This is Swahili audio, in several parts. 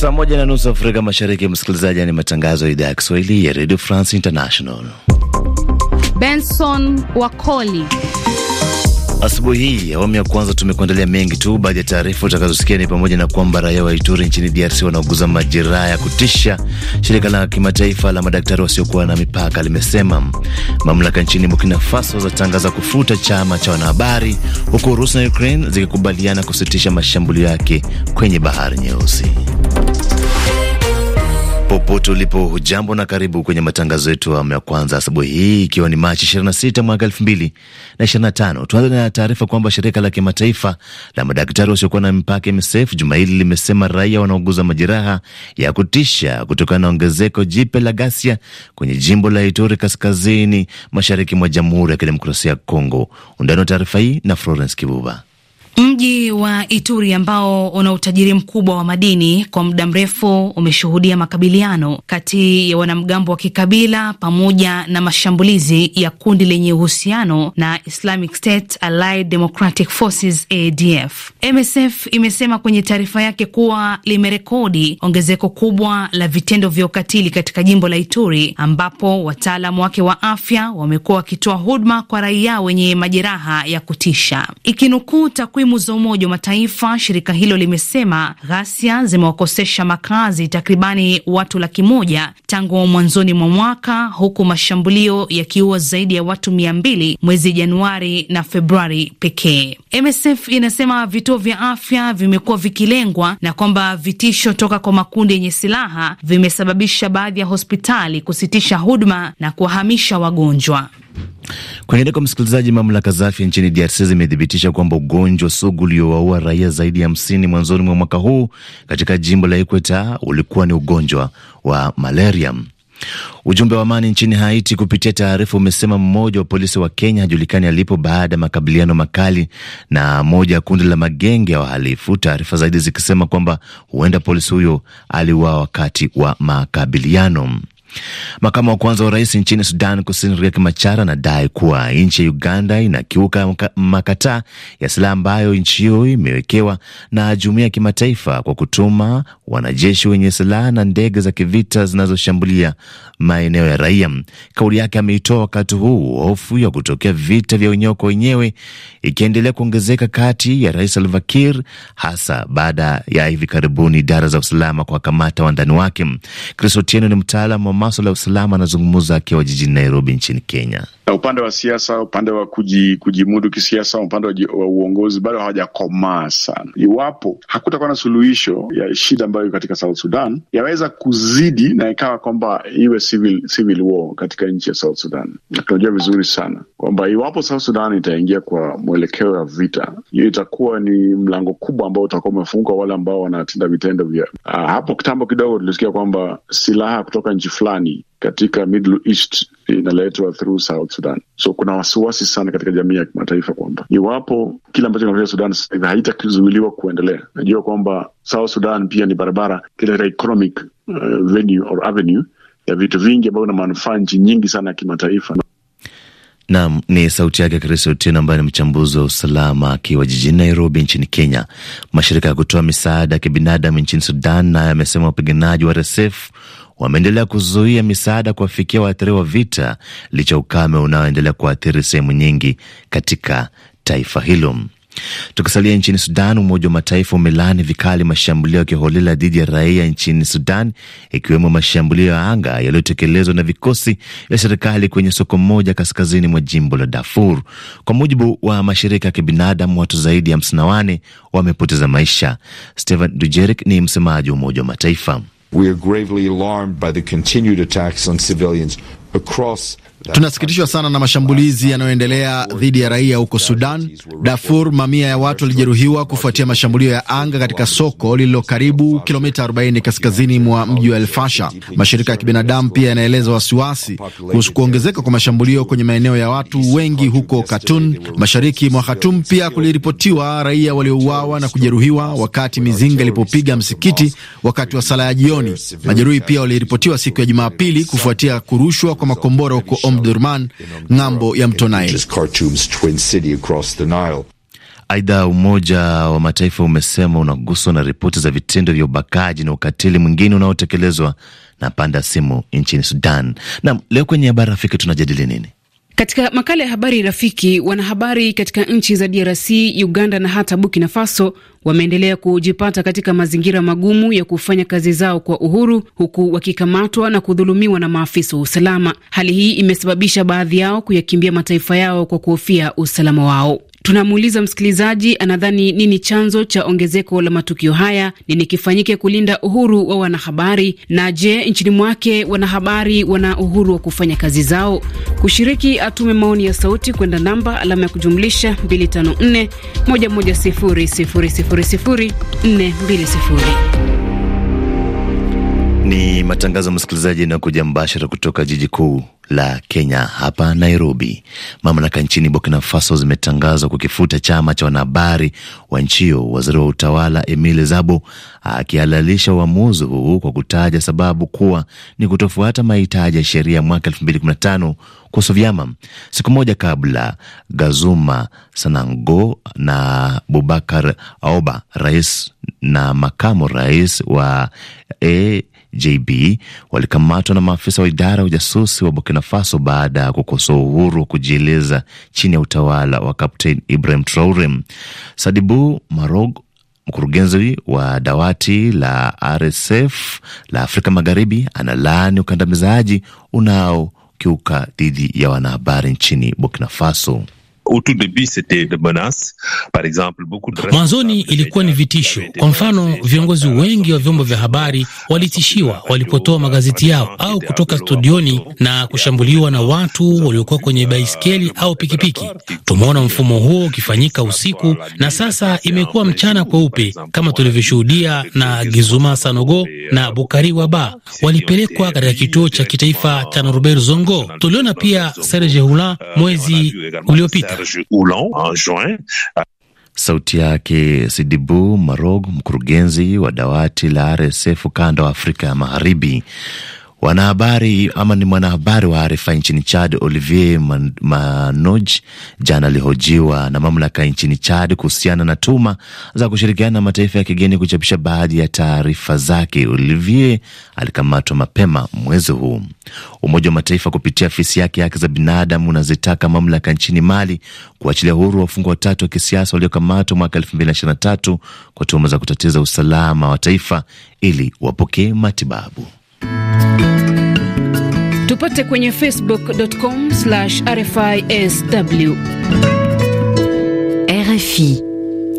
Saa moja na nusu Afrika Mashariki, msikilizaji, ni matangazo ya idhaa ya Kiswahili ya Radio France International. Benson Wakoli. Asubuhi hii awamu ya kwanza tumekuandalia mengi tu. Baadhi ya taarifa utakazosikia ni pamoja na kwamba raia wa Ituri nchini DRC wanauguza majeraha ya kutisha, shirika la kimataifa la madaktari wasiokuwa na mipaka limesema. Mamlaka nchini Burkina Faso zatangaza kufuta chama cha wanahabari, huku Urusi na Ukraine zikikubaliana kusitisha mashambulio yake kwenye bahari Nyeusi popote ulipo, hujambo na karibu kwenye matangazo yetu ya kwanza asubuhi hii, ikiwa ni Machi 26 mwaka 2025. Tuanze na taarifa kwamba shirika la kimataifa la madaktari wasiokuwa na mipaka MSF juma hili limesema raia wanaoguza majeraha ya kutisha kutokana na ongezeko jipya la ghasia kwenye jimbo la Ituri kaskazini mashariki mwa Jamhuri ya Kidemokrasia ya Kongo. Undani wa taarifa hii na Florence Kibuba. Mji wa Ituri ambao una utajiri mkubwa wa madini kwa muda mrefu umeshuhudia makabiliano kati ya wanamgambo wa kikabila pamoja na mashambulizi ya kundi lenye uhusiano na Islamic State Allied Democratic Forces ADF. MSF imesema kwenye taarifa yake kuwa limerekodi ongezeko kubwa la vitendo vya ukatili katika jimbo la Ituri ambapo wataalamu wake wa afya wamekuwa wakitoa huduma kwa raia wenye majeraha ya kutisha. Ikinukuu takwimu takwimu za Umoja wa Mataifa, shirika hilo limesema ghasia zimewakosesha makazi takribani watu laki moja tangu mwanzoni mwa mwaka, huku mashambulio yakiua zaidi ya watu mia mbili mwezi Januari na Februari pekee. MSF inasema vituo vya afya vimekuwa vikilengwa na kwamba vitisho toka kwa makundi yenye silaha vimesababisha baadhi ya hospitali kusitisha huduma na kuwahamisha wagonjwa. Kwengine kwa msikilizaji, mamlaka za afya nchini DRC zimethibitisha kwamba ugonjwa sugu uliowaua raia zaidi ya hamsini mwanzoni mwa mwaka huu katika jimbo la Ikweta ulikuwa ni ugonjwa wa malaria. Ujumbe wa amani nchini Haiti kupitia taarifa umesema mmoja wa polisi wa Kenya hajulikani alipo baada ya makabiliano makali na moja ya kundi la magenge ya wahalifu, taarifa zaidi zikisema kwamba huenda polisi huyo aliuawa wakati wa makabiliano. Makamu wa kwanza wa rais nchini Sudan Kusini, Riek Machar, anadai kuwa nchi ya Uganda inakiuka makataa ya silaha ambayo nchi hiyo imewekewa na jumuiya ya kimataifa kwa kutuma wanajeshi wenye silaha na ndege za kivita zinazoshambulia maeneo ya raia. Kauli yake ameitoa wakati huu hofu ya kutokea vita vya wenyewe kwa wenyewe ikiendelea kuongezeka kati ya rais Salva Kiir, hasa baada ya hivi karibuni idara za usalama kuwakamata wandani wake. Chris Otieno ni mtaalam maswala ya usalama, anazungumza akiwa jijini Nairobi nchini Kenya na upande wa siasa, upande wa kujimudu kisiasa, upande wa uongozi bado hawajakomaa sana. Iwapo hakutakuwa na suluhisho ya shida ambayo iko katika South Sudan, yaweza kuzidi na ikawa kwamba iwe civil, civil war katika nchi ya South Sudan. Tunajua vizuri sana kwamba iwapo South Sudan itaingia kwa mwelekeo ya vita, hiyo itakuwa ni mlango kubwa ambao utakuwa umefungwa wale ambao wanatenda vitendo vya ah, hapo. Kitambo kidogo tulisikia kwamba silaha kutoka nchi fulani katika Middle East inaletwa through South Sudan. So kuna wasiwasi sana katika jamii ya kimataifa kwamba iwapo kile ambacho kinatokea Sudan sasa hivi haitakizuiliwa kuendelea, najua kwamba South Sudan pia ni barabara katika economic uh, venue or avenue ya vitu vingi ambavyo na manufaa nchi nyingi sana ya kimataifa. Nam ni sauti yake Chris Otieno ambaye ni mchambuzi wa usalama akiwa jijini Nairobi nchini Kenya. Mashirika ya kutoa misaada ya kibinadamu nchini Sudan nayo amesema wapiganaji wa RSF wameendelea kuzuia misaada kuwafikia waathiriwa wa vita licha ukame unaoendelea kuathiri sehemu nyingi katika taifa hilo. Tukisalia nchini Sudan, Umoja wa Mataifa umelaani vikali mashambulio ya kiholela dhidi ya raia nchini Sudan, ikiwemo mashambulio ya anga yaliyotekelezwa na vikosi vya serikali kwenye soko moja kaskazini mwa jimbo la Darfur. Kwa mujibu wa mashirika ya kibinadamu, watu zaidi ya hamsini wamepoteza maisha. Stephane Dujerik ni msemaji wa Umoja wa Mataifa. We are gravely alarmed by the continued attacks on civilians Tunasikitishwa sana na mashambulizi yanayoendelea dhidi ya raia huko Sudan. Darfur, mamia ya watu walijeruhiwa kufuatia mashambulio ya anga katika soko lililo karibu kilomita 40 kaskazini mwa mji wa elfasha Mashirika ya kibinadamu pia yanaeleza wasiwasi kuhusu kuongezeka kwa mashambulio kwenye maeneo ya watu wengi huko katun Mashariki mwa Khatum. pia kuliripotiwa raia waliouawa na kujeruhiwa wakati mizinga ilipopiga msikiti wakati wa sala ya jioni. Majeruhi pia waliripotiwa siku ya Jumapili kufuatia kurushwa kwa makombora huko Omdurman ng'ambo ya mto Nile. Aidha, Umoja wa Mataifa umesema unaguswa na ripoti za vitendo vya ubakaji na ukatili mwingine unaotekelezwa na panda ya simu nchini Sudan. Nam, leo kwenye habari rafiki tunajadili nini? Katika makala ya habari rafiki, wanahabari katika nchi za DRC, Uganda na hata Burkina Faso wameendelea kujipata katika mazingira magumu ya kufanya kazi zao kwa uhuru, huku wakikamatwa na kudhulumiwa na maafisa wa usalama. Hali hii imesababisha baadhi yao kuyakimbia mataifa yao kwa kuhofia usalama wao. Tunamuuliza msikilizaji anadhani nini chanzo cha ongezeko la matukio haya, nini kifanyike kulinda uhuru wa wanahabari, na je, nchini mwake wanahabari wana uhuru wa kufanya kazi zao? Kushiriki atume maoni ya sauti kwenda namba alama ya kujumlisha 254 110 000 420 matangazo msikilizaji, yanayokuja mbashara kutoka jiji kuu la Kenya hapa Nairobi. Mamlaka nchini Burkina Faso zimetangaza kukifuta chama cha wanahabari wa nchi hiyo, waziri wa utawala Emile Zabo akihalalisha uamuzi huu kwa kutaja sababu kuwa ni kutofuata mahitaji ya sheria ya mwaka 2015 kuhusu vyama. Siku moja kabla, Gazuma Sanango na Bubakar Aoba, rais na makamu rais wa JB walikamatwa na maafisa wa idara ya ujasusi wa Burkina Faso baada ya kukosoa uhuru wa kujieleza chini ya utawala wa Kapteni Ibrahim Traore. Sadibu Marog mkurugenzi wa dawati la RSF la Afrika Magharibi analaani ukandamizaji unaokiuka dhidi ya wanahabari nchini Burkina Faso au tout début c'était de menaces, par exemple beaucoup de mwanzoni ilikuwa ni vitisho. Kwa mfano, viongozi wengi wa vyombo vya habari walitishiwa walipotoa magazeti yao au kutoka studioni na kushambuliwa na watu waliokuwa kwenye baiskeli au pikipiki. Tumeona mfumo huo ukifanyika usiku na sasa imekuwa mchana kweupe, kama tulivyoshuhudia na Gizuma Sanogo na Bukari Waba walipelekwa katika kituo cha kitaifa cha Norbert Zongo. Tuliona pia Serge Hulin eh, mwezi uliopita. Serge Oulon en juin. Sauti yake Sidibu Marog, mkurugenzi wa dawati la RSF ukanda wa Afrika ya Magharibi, Wanahabari ama ni mwanahabari wa Arifa nchini Chad, Olivier Manoj, jana alihojiwa na mamlaka nchini Chad kuhusiana na tuma za kushirikiana na mataifa ya kigeni kuchapisha baadhi ya taarifa zake. Olivier alikamatwa mapema mwezi huu. Umoja wa Mataifa kupitia afisi yake haki za binadamu unazitaka mamlaka nchini Mali kuachilia huru wafungwa watatu wa kisiasa waliokamatwa mwaka tatu kwa tuhuma za kutatiza usalama wa taifa ili wapokee matibabu. Tupate kwenye facebook.com RFISW RFI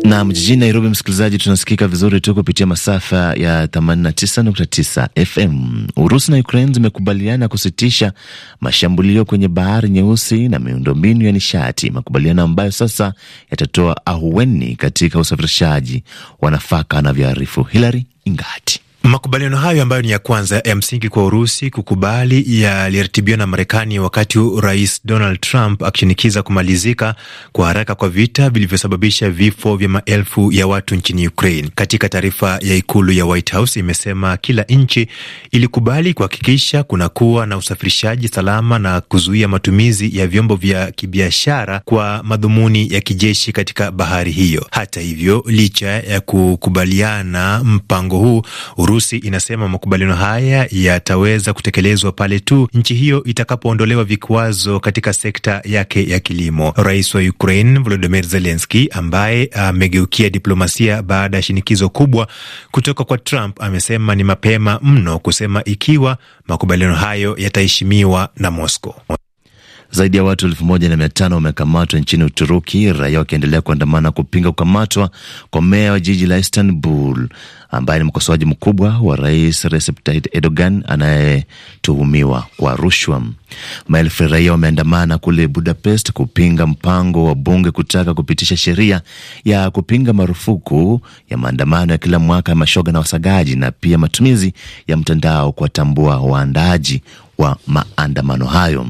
na jijini Nairobi, msikilizaji, tunasikika vizuri tu kupitia masafa ya 89.9 FM. Urusi na Ukraine zimekubaliana kusitisha mashambulio kwenye bahari nyeusi na miundombinu ya nishati, makubaliano ambayo sasa yatatoa ahueni katika usafirishaji wa nafaka, anavyoarifu Hilary Ingati. Makubaliano hayo ambayo ni ya kwanza ya msingi kwa Urusi kukubali yaliratibiwa na Marekani wakati Rais Donald Trump akishinikiza kumalizika kwa haraka kwa vita vilivyosababisha vifo vya maelfu ya watu nchini Ukraine. Katika taarifa ya ikulu ya White House imesema kila nchi ilikubali kuhakikisha kunakuwa na usafirishaji salama na kuzuia matumizi ya vyombo vya kibiashara kwa madhumuni ya kijeshi katika bahari hiyo. Hata hivyo, licha ya kukubaliana mpango huu Urusi Urusi inasema makubaliano haya yataweza kutekelezwa pale tu nchi hiyo itakapoondolewa vikwazo katika sekta yake ya kilimo. Rais wa Ukraine Volodymyr Zelensky, ambaye amegeukia diplomasia baada ya shinikizo kubwa kutoka kwa Trump, amesema ni mapema mno kusema ikiwa makubaliano hayo yataheshimiwa na Moscow. Zaidi ya watu elfu moja na mia tano wamekamatwa nchini Uturuki, raia wakiendelea kuandamana kupinga kukamatwa kwa meya wa jiji la Istanbul ambaye ni mkosoaji mkubwa wa rais Recep Tayyip Erdogan anayetuhumiwa kwa rushwa. Maelfu ya raia wameandamana kule Budapest kupinga mpango wa bunge kutaka kupitisha sheria ya kupinga marufuku ya maandamano ya kila mwaka ya mashoga na wasagaji na pia matumizi ya mtandao kuwatambua waandaji wa maandamano hayo.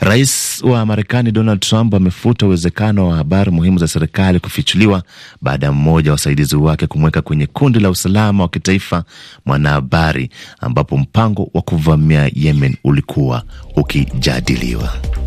Rais wa Marekani Donald Trump amefuta uwezekano wa habari muhimu za serikali kufichuliwa baada ya mmoja wa wasaidizi wake kumweka kwenye kundi la usalama wa kitaifa mwanahabari, ambapo mpango wa kuvamia Yemen ulikuwa ukijadiliwa.